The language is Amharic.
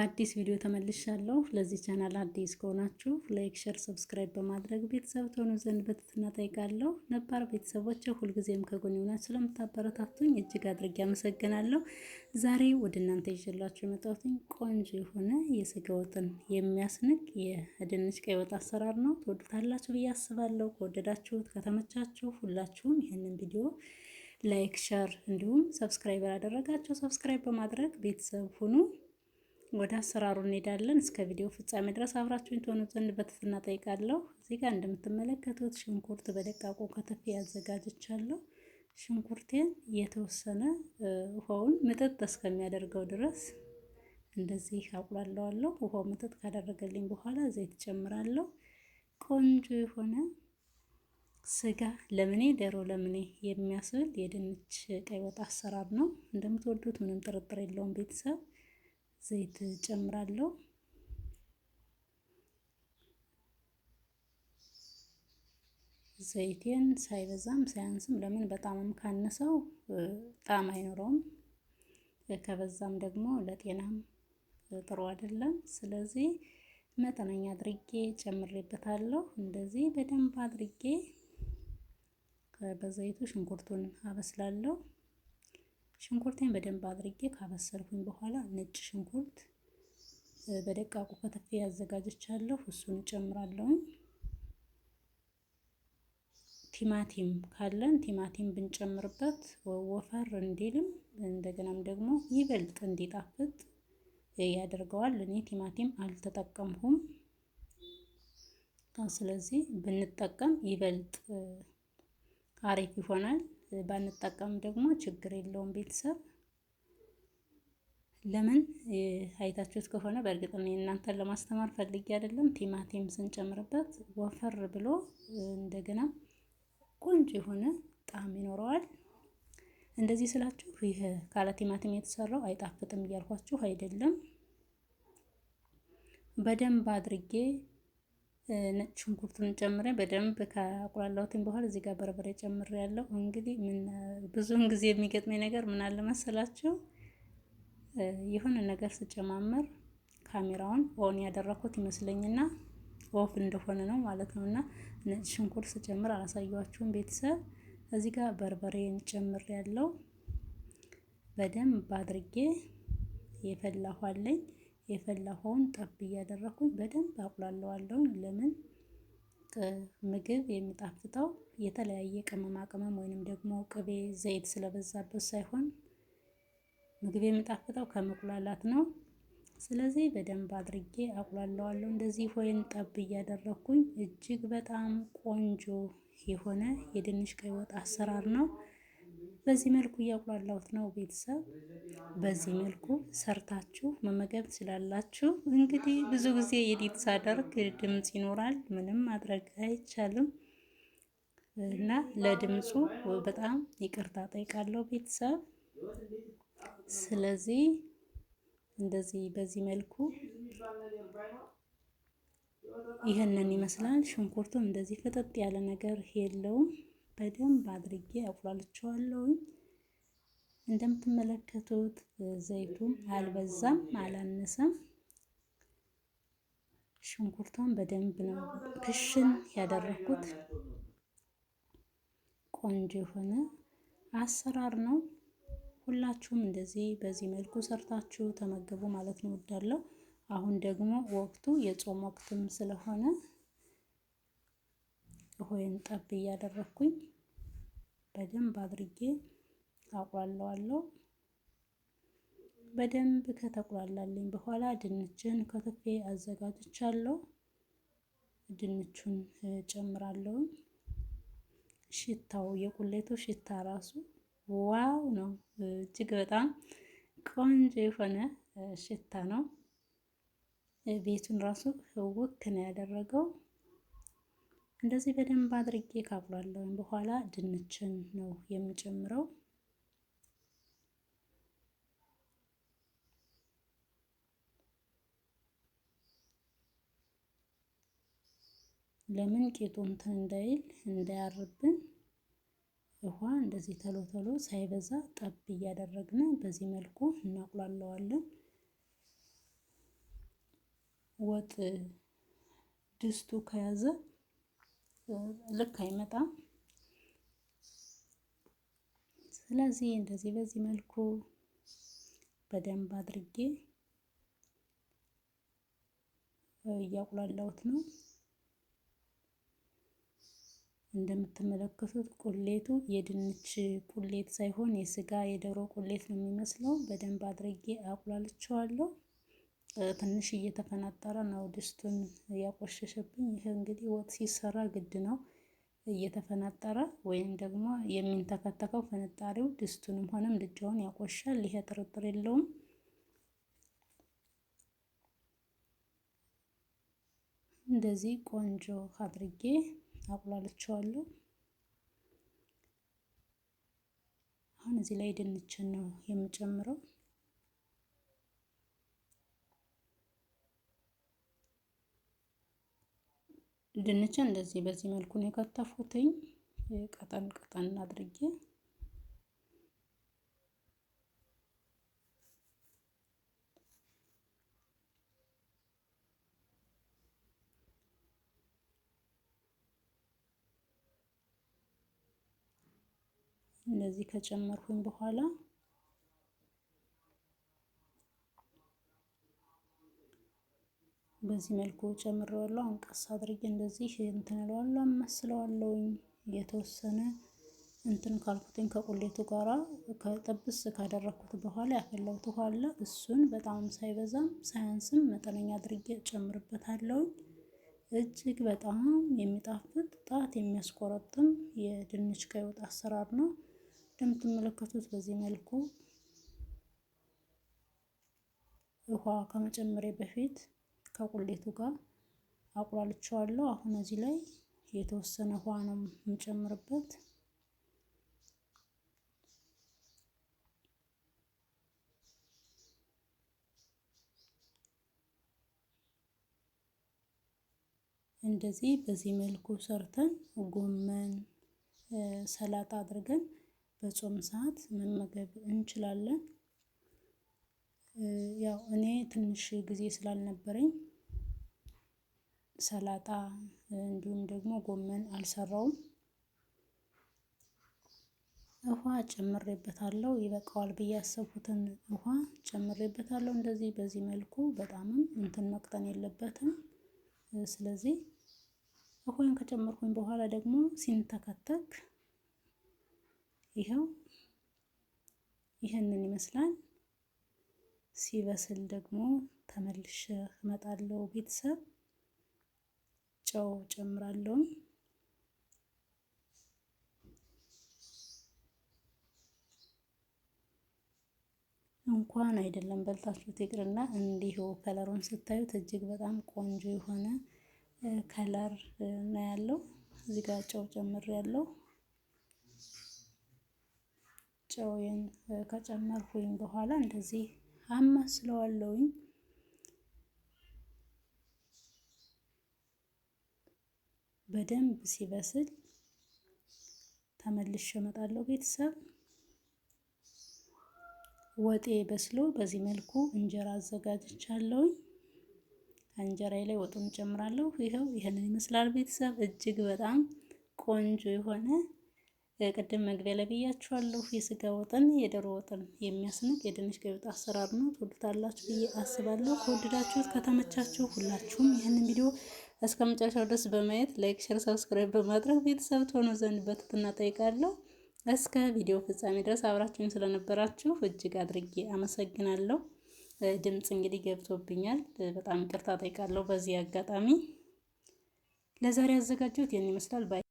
በአዲስ ቪዲዮ ተመልሻለሁ። ለዚህ ቻናል አዲስ ከሆናችሁ ላይክ፣ ሸር፣ ሰብስክራይብ በማድረግ ቤተሰብ ትሆኑ ዘንድ በትህትና እጠይቃለሁ። ነባር ቤተሰቦች ሁልጊዜም ከጎን ሆናችሁ ስለምታበረታቱኝ እጅግ አድርጌ አመሰግናለሁ። ዛሬ ወደ እናንተ ይዤላችሁ የመጣሁት ቆንጆ የሆነ የስጋ ወጥን የሚያስንቅ የድንች ቀይ ወጥ አሰራር ነው። ትወዱታላችሁ ብዬ አስባለሁ። ከወደዳችሁት ከተመቻችሁ ሁላችሁም ይህንን ቪዲዮ ላይክ፣ ሸር እንዲሁም ሰብስክራይብ ያላደረጋችሁ ሰብስክራይብ በማድረግ ቤተሰብ ሁኑ። ወደ አሰራሩ እንሄዳለን። እስከ ቪዲዮ ፍጻሜ ድረስ አብራችሁን ትሆኑ ዘንድ በትህትና ጠይቃለሁ። እዚህ ጋር እንደምትመለከቱት ሽንኩርት በደቃቁ ከተፌ ያዘጋጀቻለሁ። ሽንኩርቴን የተወሰነ ውሃውን ምጥጥ እስከሚያደርገው ድረስ እንደዚህ አቁላለዋለሁ። ውሃው ምጥጥ ካደረገልኝ በኋላ ዘይት ጨምራለሁ። ቆንጆ የሆነ ስጋ ለምኔ ደሮ ለምኔ የሚያስብል የድንች ቀይ ወጥ አሰራር ነው። እንደምትወዱት ምንም ጥርጥር የለውም ቤተሰብ ዘይት ጨምራለሁ። ዘይቴን ሳይበዛም ሳያንስም ለምን በጣምም ካነሰው ጣዕም አይኖረውም፣ ከበዛም ደግሞ ለጤናም ጥሩ አይደለም። ስለዚህ መጠነኛ አድርጌ ጨምሬበታለሁ። እንደዚህ በደንብ አድርጌ በዘይቱ ሽንኩርቱን አበስላለሁ። ሽንኩርቴን በደንብ አድርጌ ካበሰልኩኝ በኋላ ነጭ ሽንኩርት በደቃቁ ከተፌ ያዘጋጀቻለሁ። እሱን እጨምራለሁኝ። ቲማቲም ካለን ቲማቲም ብንጨምርበት ወፈር እንዲልም እንደገናም ደግሞ ይበልጥ እንዲጣፍጥ ያደርገዋል። እኔ ቲማቲም አልተጠቀምኩም። ስለዚህ ብንጠቀም ይበልጥ አሪፍ ይሆናል። ባንጠቀም ደግሞ ችግር የለውም ቤተሰብ ለምን አይታችሁት ከሆነ በእርግጥ እናንተን ለማስተማር ፈልጌ አይደለም። ቲማቲም ስንጨምርበት ወፈር ብሎ እንደገና ቆንጆ የሆነ ጣዕም ይኖረዋል። እንደዚህ ስላችሁ ይህ ካለ ቲማቲም የተሰራው አይጣፍጥም እያልኳችሁ አይደለም። በደንብ አድርጌ ነጭ ሽንኩርቱን ጨምሬ በደንብ ካቁላላሁትን በኋላ እዚህ ጋር በርበሬ ጨምር ያለው። እንግዲህ ብዙውን ጊዜ የሚገጥመኝ ነገር ምን አለ መሰላችሁ የሆነ ነገር ስጨማመር ካሜራውን ኦን ያደረኩት ይመስለኝና ኦፍ እንደሆነ ነው ማለት ነው። እና ነጭ ሽንኩርት ስጨምር አላሳየኋችሁም ቤተሰብ። እዚህ ጋር በርበሬን ጨምር ያለው በደንብ አድርጌ የፈላኋለኝ የፈላሁን ጠብ እያደረኩኝ በደንብ አቁላለዋለሁ። ለምን ምግብ የሚጣፍጠው የተለያየ ቅመማ ቅመም ወይንም ደግሞ ቅቤ፣ ዘይት ስለበዛበት ሳይሆን ምግብ የሚጣፍጠው ከመቁላላት ነው። ስለዚህ በደንብ አድርጌ አቁላለዋለሁ። እንደዚህ ወይን ጠብ እያደረኩኝ እጅግ በጣም ቆንጆ የሆነ የድንች ቀይ ወጥ አሰራር ነው። በዚህ መልኩ እያቁላላሁት ነው ቤተሰብ። በዚህ መልኩ ሰርታችሁ መመገብ ትችላላችሁ። እንግዲህ ብዙ ጊዜ የዲት ሳደርግ ድምፅ ይኖራል፣ ምንም ማድረግ አይቻልም እና ለድምፁ በጣም ይቅርታ ጠይቃለሁ ቤተሰብ። ስለዚህ እንደዚህ በዚህ መልኩ ይህንን ይመስላል። ሽንኩርቱም እንደዚህ ፈጠጥ ያለ ነገር የለውም። በደንብ አድርጌ አቁላልቸዋለሁኝ። እንደምትመለከቱት ዘይቱም አልበዛም አላነሰም። ሽንኩርቷን በደንብ ነው ክሽን ያደረኩት። ቆንጆ የሆነ አሰራር ነው። ሁላችሁም እንደዚህ በዚህ መልኩ ሰርታችሁ ተመገቡ ማለት ነው እወዳለሁ። አሁን ደግሞ ወቅቱ የጾም ወቅትም ስለሆነ ውሃዬን ጠብ እያደረኩኝ በደንብ አድርጌ አቁላለዋለሁ። በደንብ ከተቁላላለኝ በኋላ ድንችን ከትፌ አዘጋጅቻለሁ። ድንቹን ጨምራለሁ። ሽታው የቁሌቱ ሽታ ራሱ ዋው ነው። እጅግ በጣም ቆንጆ የሆነ ሽታ ነው። ቤቱን ራሱ ውክ ነው ያደረገው። እንደዚህ በደንብ አድርጌ ካቁላለሁ። በኋላ ድንችን ነው የምጨምረው። ለምን ቂጡ እንትን እንዳይል እንዳያርብን ውሃ እንደዚህ ተሎ ተሎ ሳይበዛ ጠብ እያደረግን በዚህ መልኩ እናቁላለዋለን። ወጥ ድስቱ ከያዘ ልክ አይመጣም። ስለዚህ እንደዚህ በዚህ መልኩ በደንብ አድርጌ እያቁላላሁት ነው። እንደምትመለከቱት ቁሌቱ የድንች ቁሌት ሳይሆን የስጋ የዶሮ ቁሌት ነው የሚመስለው። በደንብ አድርጌ አቁላልቸዋለሁ። ትንሽ እየተፈናጠረ ነው ድስቱን ያቆሸሸብኝ። ይህ እንግዲህ ወጥ ሲሰራ ግድ ነው እየተፈናጠረ ወይም ደግሞ የሚንተከተከው ፍንጣሪው ድስቱንም ሆነ ምድጃውን ያቆሻል። ይሄ ጥርጥር የለውም። እንደዚህ ቆንጆ አድርጌ አቁላልቸዋለሁ። አሁን እዚህ ላይ ድንችን ነው የምጨምረው። ድንች እንደዚህ በዚህ መልኩ ነው የከተፉትኝ። ቀጠን ቀጠን አድርጌ እንደዚህ ከጨመርኩኝ በኋላ በዚህ መልኩ ጨምሮ አሁን ቀስ አድርጌ እንደዚህ እንትን እለዋለሁ አመስለዋለሁኝ የተወሰነ እንትን ካልኩትኝ ከቁሌቱ ጋራ ከጥብስ ካደረኩት በኋላ ያፈላሁት ውሃ አለ። እሱን በጣም ሳይበዛም ሳያንስም መጠነኛ አድርጌ ጨምርበታለሁ እጅግ በጣም የሚጣፍጥ ጣት የሚያስቆረጥም የድንች ቀይ ወጥ አሰራር ነው። እንደምትመለከቱት በዚህ መልኩ ውሃ ከመጨመሬ በፊት ከቁሌቱ ጋር አቁላልቸዋለሁ። አሁን እዚህ ላይ የተወሰነ ውሃ ነው የምጨምርበት። እንደዚህ በዚህ መልኩ ሰርተን ጎመን ሰላጣ አድርገን በጾም ሰዓት መመገብ እንችላለን። ያው እኔ ትንሽ ጊዜ ስላልነበረኝ ሰላጣ እንዲሁም ደግሞ ጎመን አልሰራውም። ውሃ ጨምሬበታለሁ ይበቃዋል ብዬ ያሰብኩትን ውሃ ጨምሬበታለሁ። እንደዚህ በዚህ መልኩ በጣምም እንትን መቅጠን የለበትም። ስለዚህ ውሃን ከጨመርኩኝ በኋላ ደግሞ ሲንተከተክ ይኸው ይህንን ይመስላል። ሲበስል ደግሞ ተመልሼ እመጣለሁ ቤተሰብ ጨው ጨምራለሁ። እንኳን አይደለም በልታችሁት ይቅርና እንዲሁ ከለሩን ስታዩት እጅግ በጣም ቆንጆ የሆነ ከለር ነው ያለው። እዚህ ጋር ጨው ጨምር ያለው ጨውን ከጨመርኩኝ በኋላ እንደዚህ አማስለዋለሁኝ። በደንብ ሲበስል ተመልሼ እመጣለሁ። ቤተሰብ ወጤ በስሎ በዚህ መልኩ እንጀራ አዘጋጅቻለሁ። ከእንጀራዬ ላይ ወጡን ጨምራለሁ። ይኸው ይህንን ይመስላል ቤተሰብ እጅግ በጣም ቆንጆ የሆነ ቅድም መግቢያ ላይ ብያችኋለሁ። የስጋ ወጥን የዶሮ ወጥን የሚያስንቅ የድንች ቀይ አሰራር ነው። ትወዱታላችሁ ብዬ አስባለሁ። ከወደዳችሁት ከተመቻችሁ ሁላችሁም ይህንን ቪዲዮ እስከ መጨረሻው ድረስ በማየት ላይክ፣ ሼር፣ ሰብስክራይብ በማድረግ ቤተሰብ ትሆኑ ዘንድ በትህትና ጠይቃለሁ። እስከ ቪዲዮ ፍጻሜ ድረስ አብራችሁኝ ስለነበራችሁ እጅግ አድርጌ አመሰግናለሁ። ድምፅ እንግዲህ ገብቶብኛል፣ በጣም ይቅርታ ጠይቃለሁ። በዚህ አጋጣሚ ለዛሬ ያዘጋጀሁት ይህን ይመስላል።